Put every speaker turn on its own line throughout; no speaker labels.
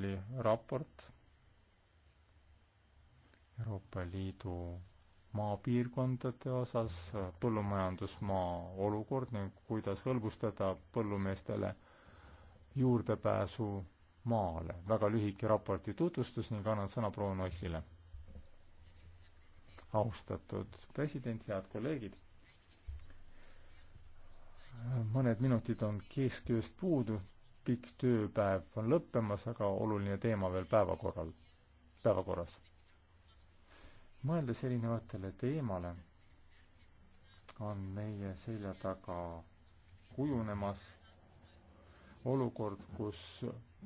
oli raport Euroopa Liidu maapiirkondade osas põllumajandusmaa olukord ning kuidas hõlbustada põllumeestele juurdepääsu maale. väga lühike raporti tutvustus ning annan sõna proua Noichlile. austatud president, head kolleegid! mõned minutid on keskööst puudu, pikk tööpäev on lõppemas, aga oluline teema veel päevakorral, päevakorras. mõeldes erinevatele teemale, on meie selja taga kujunemas olukord, kus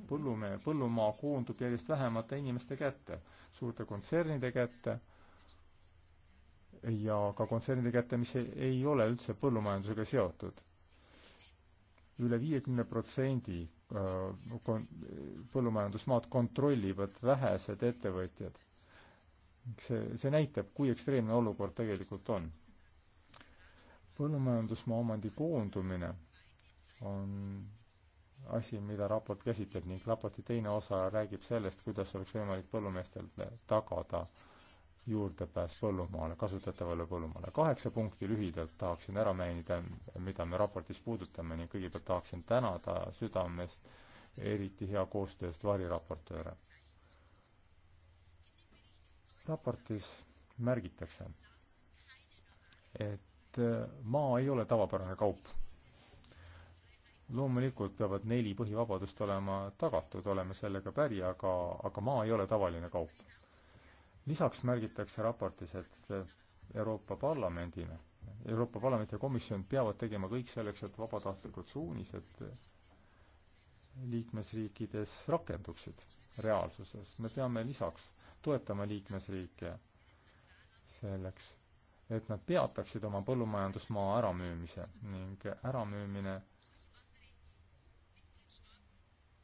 põllumehe, põllumaa koondub järjest vähemate inimeste kätte, suurte kontsernide kätte ja ka kontsernide kätte, mis ei, ei ole üldse põllumajandusega seotud üle viiekümne protsendi äh, põllumajandusmaad kontrollivad vähesed ettevõtjad. see, see näitab, kui ekstreemne olukord tegelikult on. põllumajandusmaa omandi koondumine on asi, mida raport käsitleb ning raporti teine osa räägib sellest, kuidas oleks võimalik põllumeestele tagada äh, juurdepääs põllumaale, kasutatavale põllumaale. kaheksa punkti lühidalt tahaksin ära mainida, mida me raportis puudutame ning kõigepealt tahaksin tänada südamest eriti hea koostöö eest variraportööre. raportis märgitakse, et maa ei ole tavapärane kaup. loomulikult peavad neli põhivabadust olema tagatud, oleme sellega päri, aga, aga maa ei ole tavaline kaup lisaks märgitakse raportis, et äh, Euroopa Parlamendina, Euroopa Parlament ja komisjon peavad tegema kõik selleks, et vabatahtlikud suunised äh, liikmesriikides rakenduksid reaalsuses. me peame lisaks toetama liikmesriike selleks, et nad peataksid oma põllumajandusmaa äramüümise ning äramüümine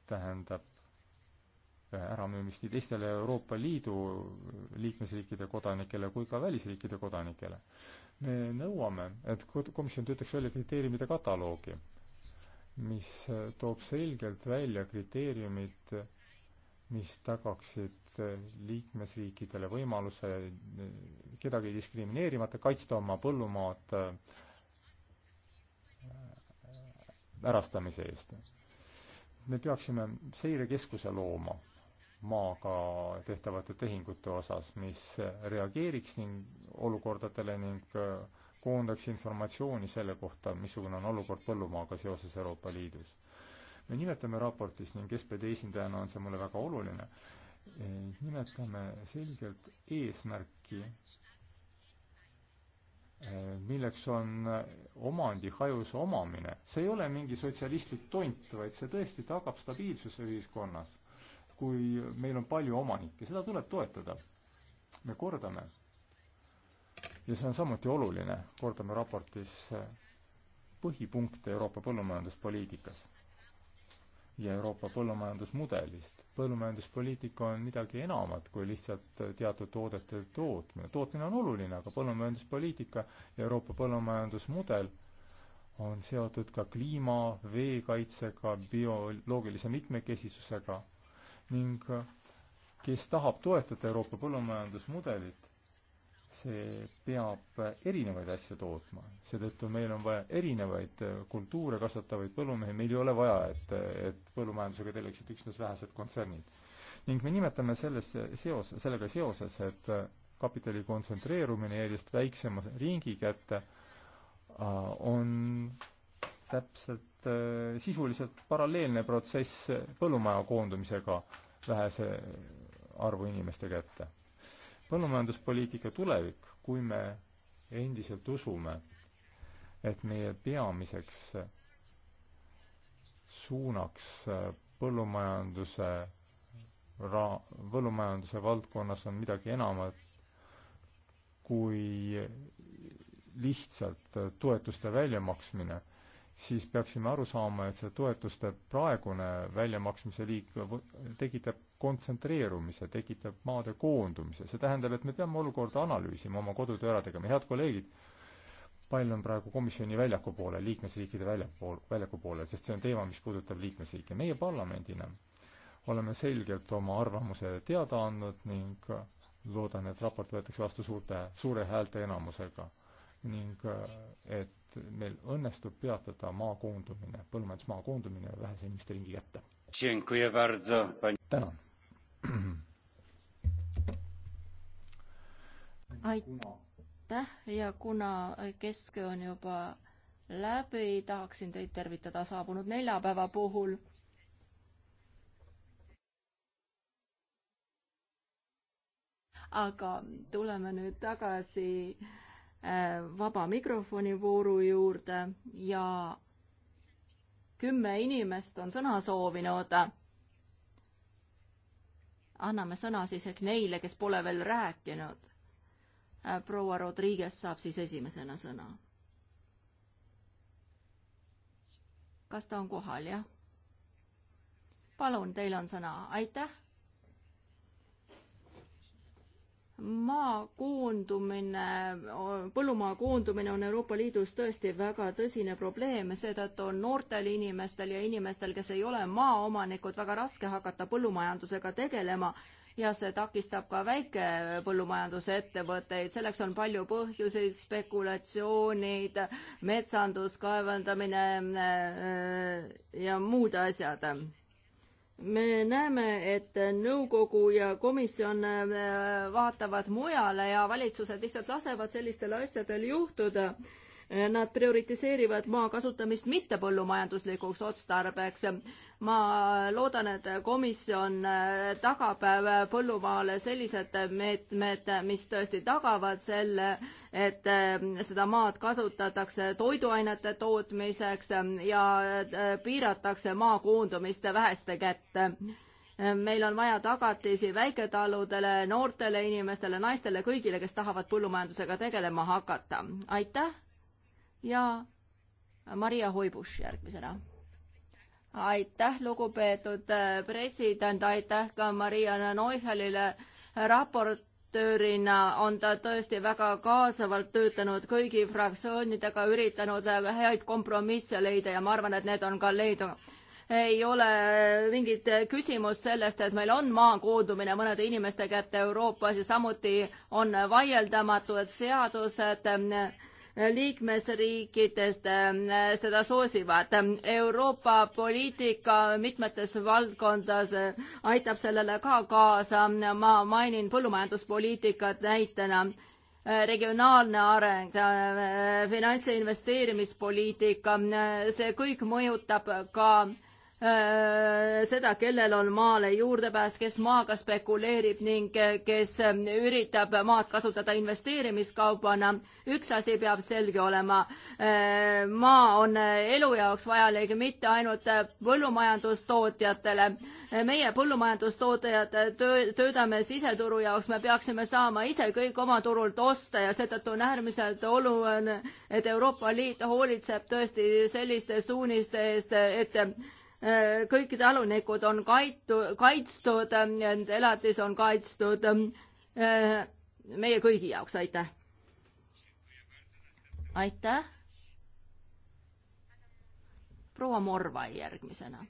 tähendab äramüümist nii teistele Euroopa Liidu liikmesriikide kodanikele kui ka välisriikide kodanikele. me nõuame, et komisjon töötaks välja kriteeriumide kataloogi, mis toob selgelt välja kriteeriumid, mis tagaksid liikmesriikidele võimaluse kedagi diskrimineerimata kaitsta oma põllumaad äh, ärastamise eest. me peaksime seirekeskuse looma maaga tehtavate tehingute osas, mis reageeriks ning olukordadele ning äh, koondaks informatsiooni selle kohta, missugune on olukord põllumaaga seoses Euroopa Liidus. me nimetame raportis ning SPD esindajana on see mulle väga oluline, äh, nimetame selgelt eesmärki, äh, milleks on omandi hajus omamine. see ei ole mingi sotsialistlik tont, vaid see tõesti tagab stabiilsuse ühiskonnas kui meil on palju omanikke, seda tuleb toetada. me kordame. ja see on samuti oluline, kordame raportis põhipunkte Euroopa põllumajanduspoliitikas ja Euroopa põllumajandusmudelist. põllumajanduspoliitika on midagi enamat kui lihtsalt teatud toodete tootmine. tootmine on oluline, aga põllumajanduspoliitika ja Euroopa põllumajandusmudel on seotud ka kliima, veekaitsega, bioloogilise mitmekesisusega ning äh, kes tahab toetada Euroopa põllumajandusmudelit, see peab äh, erinevaid asju tootma. seetõttu meil on vaja erinevaid äh, kultuure kasvatavaid põllumehi, meil ei ole vaja, et, et põllumajandusega tegeleksid üksnes vähesed kontsernid. ning me nimetame sellesse seos, sellega seoses, et kapitali kontsentreerumine järjest väiksema ringi kätte on täpselt äh, sisuliselt paralleelne protsess põllumaja koondumisega vähese arvu inimeste kätte. põllumajanduspoliitika tulevik, kui me endiselt usume, et meie peamiseks suunaks põllumajanduse ra-, põllumajanduse valdkonnas on midagi enamat kui lihtsalt toetuste väljamaksmine siis peaksime aru saama, et see toetuste praegune väljamaksmise liik tekitab kontsentreerumise, tekitab maade koondumise, see tähendab, et me peame olukorda analüüsima, oma kodutöö ära tegema, head kolleegid, pall on praegu komisjoni väljaku poole, liikmesriikide väljapool, väljaku poole, sest see on teema, mis puudutab liikmesriike, meie parlamendina oleme selgelt oma arvamuse teada andnud ning loodan, et raport võetakse vastu suurte, suure häälteenamusega ning et et meil õnnestub peatada maa koondumine, põllumajandusmaa koondumine vähese inimeste ringi kätte. tänan.
aitäh ja kuna kesköö on juba läbi, tahaksin teid tervitada saabunud neljapäeva puhul aga tuleme nüüd tagasi Äh, vaba mikrofoni vooru juurde ja kümme inimest on sõna soovinud. anname sõna siis ehk neile, kes pole veel rääkinud. Äh, proua Rodriguez saab siis esimesena sõna. kas ta on kohal, jah? palun, teil on sõna, aitäh maa koondumine, põllumaa koondumine on Euroopa Liidus tõesti väga tõsine probleem, seetõttu on noortel inimestel ja inimestel, kes ei ole maaomanikud, väga raske hakata põllumajandusega tegelema ja see takistab ka väikepõllumajanduse ettevõtteid, selleks on palju põhjuseid, spekulatsioonid, metsandus, kaevandamine äh, ja muud asjad me näeme, et nõukogu ja komisjon äh, vaatavad mujale ja valitsused lihtsalt lasevad sellistel asjadel juhtuda Nad prioritiseerivad maa kasutamist mitte põllumajanduslikuks otstarbeks. ma loodan, et komisjon tagab põllumaale sellised meetmed, mis tõesti tagavad selle, et seda maad kasutatakse toiduainete tootmiseks ja piiratakse maa koondumist väheste kätte meil on vaja tagatisi väiketaludele, noortele inimestele, naistele, kõigile, kes tahavad põllumajandusega tegelema hakata. aitäh ja Maria Hoibus järgmisena. aitäh, lugupeetud äh, president, aitäh ka Maria Neuchalile raport raportöörina on ta tõesti väga kaasavalt töötanud kõigi fraktsioonidega, üritanud äh, häid kompromisse leida ja ma arvan, et need on ka leidunud. ei ole mingit küsimust sellest, et meil on maa koondumine mõnede inimeste kätte Euroopas ja samuti on vaieldamatu, et seadused et äh, liikmesriikidest äh, seda soosivad. Euroopa poliitika mitmetes valdkondades aitab sellele ka kaasa, ma mainin põllumajanduspoliitikat näitena regionaalne areng, äh, finantsinvesteerimispoliitika, äh, see kõik mõjutab ka Äh, seda, kellel on maale juurdepääs, kes maaga spekuleerib ning äh, kes ähm, üritab maad kasutada investeerimiskaubana. üks asi peab selge olema. Äh, maa on elu jaoks vajalik mitte ainult põllumajandustootjatele. meie põllumajandustootjad töötame siseturu jaoks, me peaksime saama ise kõik oma turult osta ja seetõttu on äärmiselt oluline, et Euroopa Liit hoolitseb tõesti selliste suuniste eest, et kõikide alunikud on kaitu, kaitstud, nende elatis on kaitstud eh, meie kõigi jaoks, aitäh. aitäh. proua Morvai järgmisena.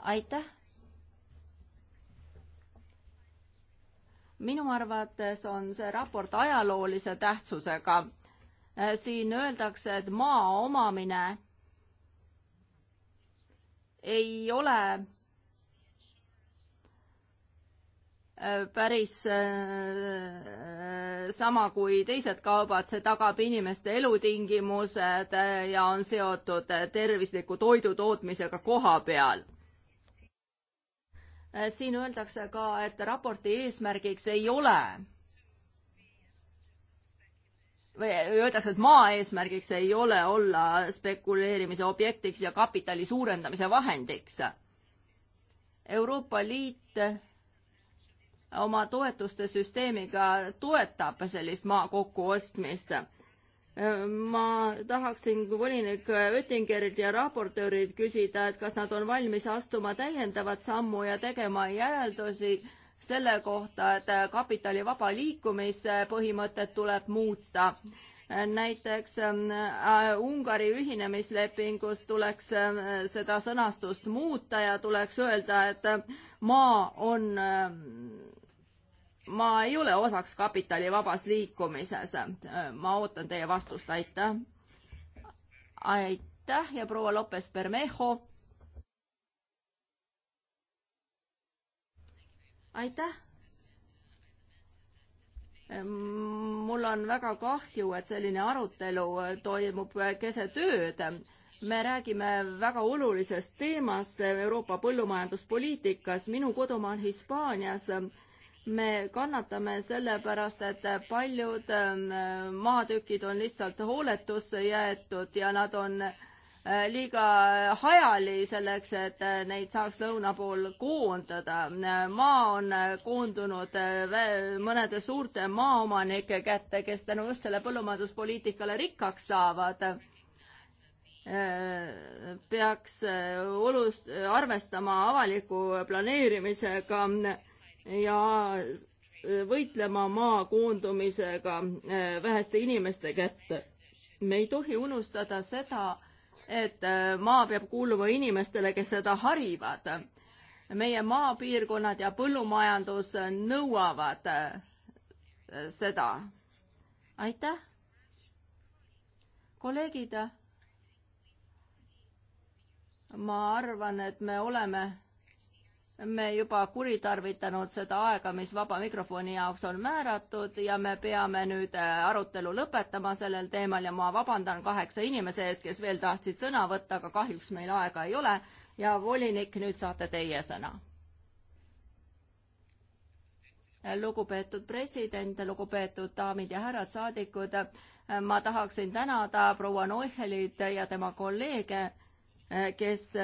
aitäh. minu arvates on see raport ajaloolise tähtsusega. Eh, siin öeldakse, et maa omamine ei ole äh, päris äh, sama kui teised kaubad, see tagab inimeste elutingimused äh, ja on seotud tervisliku toidu tootmisega koha peal. siin öeldakse ka, et raporti eesmärgiks ei ole või öeldakse, et maa eesmärgiks ei ole olla spekuleerimise objektiks ja kapitali suurendamise vahendiks. Euroopa Liit oma toetuste süsteemiga toetab sellist maa kokkuostmist. ma tahaksin volinik Oettingerilt ja raportöörilt küsida, et kas nad on valmis astuma täiendavat sammu ja tegema järeldusi selle kohta, et kapitali vaba liikumise põhimõtet tuleb muuta. näiteks ähm, äh, Ungari ühinemislepingus tuleks ähm, seda sõnastust muuta ja tuleks öelda, et äh, maa on, ähm, ma ei ole osaks kapitali vabas liikumises. Äh, ma ootan teie vastust, aitäh. aitäh ja proua Lopes Bermejo aitäh! Ehm, mul on väga kahju, et selline arutelu eh, toimub eh, keset ööd. me räägime väga olulisest teemast eh, Euroopa põllumajanduspoliitikas. minu kodumaal Hispaanias me kannatame selle pärast, et paljud ehm, maatükid on lihtsalt hooletusse jäetud ja nad on äh, Äh, liiga hajali selleks, et äh, neid saaks lõuna pool koondada. Äh, maa on koondunud mõnede suurte maaomanike kätte, kes tänu just selle põllumajanduspoliitikale rikkaks saavad peaks olust-, arvestama avaliku planeerimisega ja võitlema maa koondumisega väheste inimeste kätte. me ei tohi unustada seda, et äh, maa peab kuuluma inimestele, kes seda harivad. meie maapiirkonnad ja põllumajandus nõuavad äh, seda. aitäh. kolleegid, ma arvan, et me oleme me juba kuritarvitanud seda aega, mis vaba mikrofoni jaoks on määratud ja me peame nüüd äh, arutelu lõpetama sellel teemal ja ma vabandan kaheksa inimese ees, kes veel tahtsid sõna võtta, aga kahjuks meil aega ei ole ja volinik, nüüd saate teie sõna. lugupeetud president, lugupeetud daamid ja härrad saadikud, äh, ma tahaksin tänada proua Neuchelit ja tema kolleege, äh, kes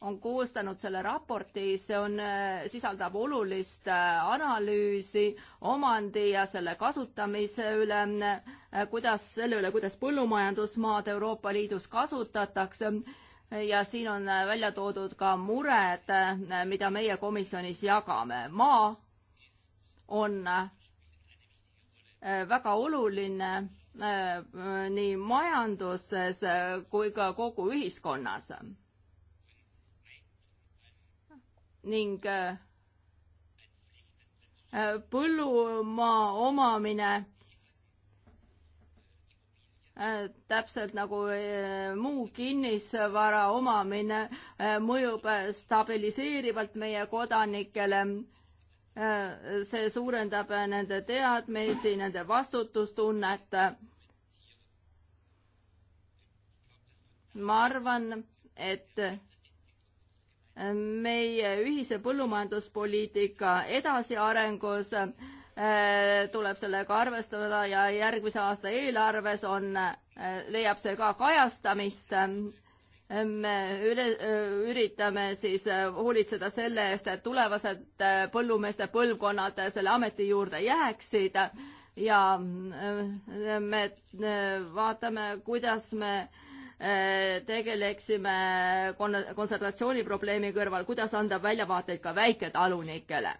on koostanud selle raporti, see on, äh, sisaldab olulist äh, analüüsi omandi ja selle kasutamise üle, äh, kuidas, selle üle, kuidas põllumajandusmaad Euroopa Liidus kasutatakse ja siin on välja toodud ka mured, mida meie komisjonis jagame. maa on väga oluline nii majanduses kui ka kogu ühiskonnas ning äh, äh, põllumaa omamine äh, täpselt nagu muu kinnisvara omamine mõjub stabiliseerivalt meie kodanikele. see suurendab nende teadmisi, nende vastutustunnet. ma arvan, et meie ühise põllumajanduspoliitika edasiarengus äh, tuleb sellega arvestada ja järgmise aasta eelarves on, äh, leiab see ka kajastamist. me üle, äh, üritame siis hoolitseda selle eest, et tulevased põllumeeste põlvkonnad selle ameti juurde jääksid ja me vaatame, kuidas me Äh, tegeleksime kon-, konservatsiooniprobleemi kõrval, kuidas anda väljavaateid ka väiketalunikele.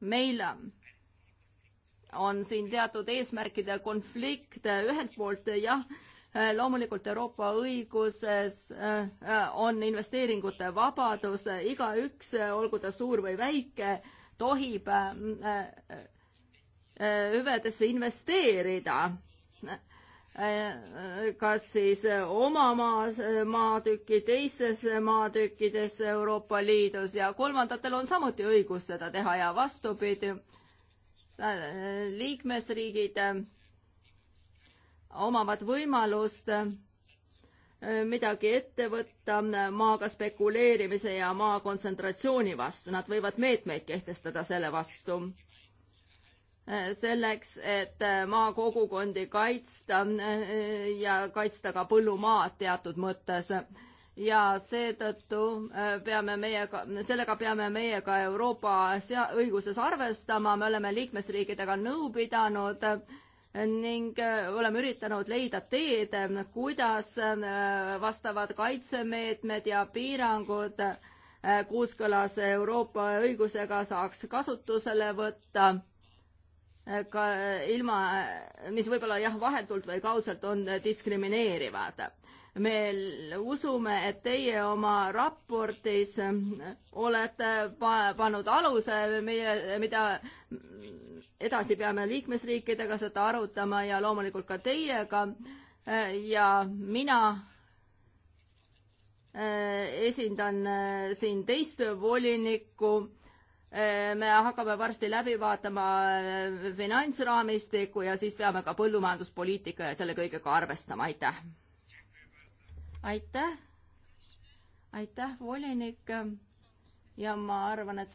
meil on siin teatud eesmärkide konflikt, ühelt poolt jah, äh, loomulikult Euroopa õiguses äh, on investeeringute vabadus, igaüks, olgu ta suur või väike, tohib hüvedesse investeerida Äh, kas siis äh, oma maas, äh, maatüki teistes maatükkides Euroopa Liidus ja kolmandatel on samuti õigus seda teha ja vastupidi, liikmesriigid omavad võimalust midagi ette võtta maaga spekuleerimise ja maa kontsentratsiooni vastu, nad võivad meetmeid kehtestada selle vastu selleks, et äh, maakogukondi kaitsta äh, ja kaitsta ka põllumaad teatud mõttes. ja seetõttu äh, peame meie, sellega peame meie ka Euroopa sea-, õiguses arvestama, me oleme liikmesriikidega nõu pidanud ning oleme üritanud leida teed, kuidas vastavad kaitsemeetmed ja piirangud kooskõlas Euroopa õigusega saaks kasutusele võtta ka ilma, mis võib-olla jah, vahetult või kaudselt on diskrimineerivad. me usume, et teie oma raportis olete pa-, pannud aluse, meie, mida edasi peame liikmesriikidega seda arutama ja loomulikult ka teiega ja mina eh, esindan eh, siin teist volinikku me hakkame varsti läbi vaatama äh, finantsraamistikku ja siis peame ka põllumajanduspoliitika ja selle kõigega arvestama, aitäh. aitäh, aitäh, volinik. ja ma arvan, et